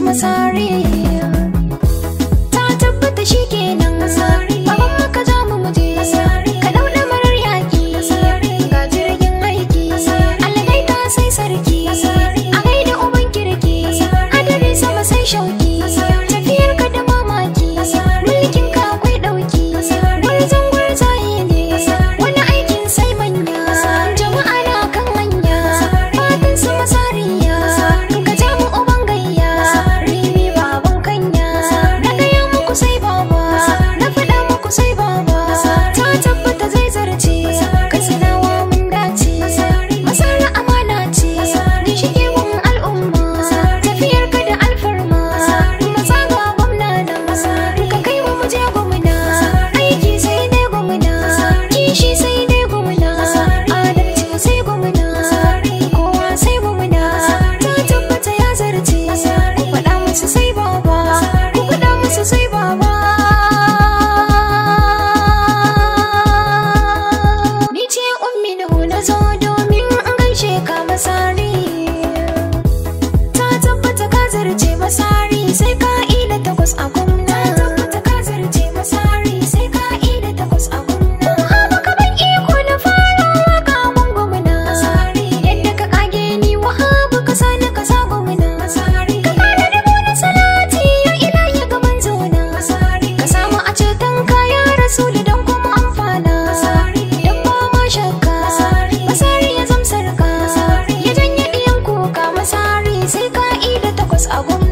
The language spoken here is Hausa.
masari I won't